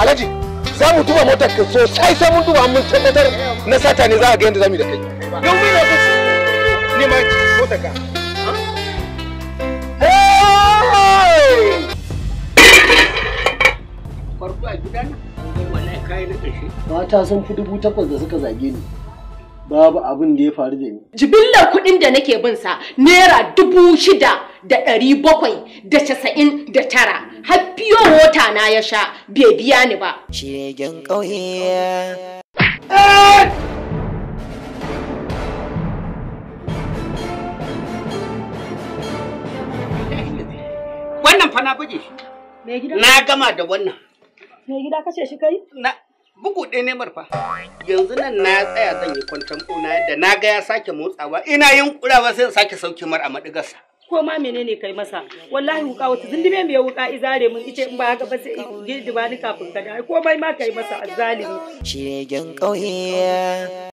alhaji za mu duba motar ka sosai sai mun duba mun tabbatar na sata ne za a ga yadda za mu yi da kai don mu na kusa ne ma motar ka farko a gida na wallahi na mata sun fi dubu takwas da suka zage ni babu abin da ya faru da ni jibillar kuɗin da nake bin sa naira dubu shida da ɗari bakwai da casa'in da tara har fiyo wata na ya sha bai biya ni ba. Shirgen ƙauye. Wannan fa na buge shi. Na gama da wannan. Me gida kashe shi kai? Na bugu ɗaya ne marfa. Yanzu nan na tsaya zan yi kwantan ɓona yadda na ga ya sake motsawa ina yin kurawa sai sake sauke mar a madigarsa. ko ma menene kai masa wallahi wuka wata zindime mai wuka i zare mun ice in ba haka ba sai girdi ba ni kafin ka da ko ma kai masa azzalimi shegen kauye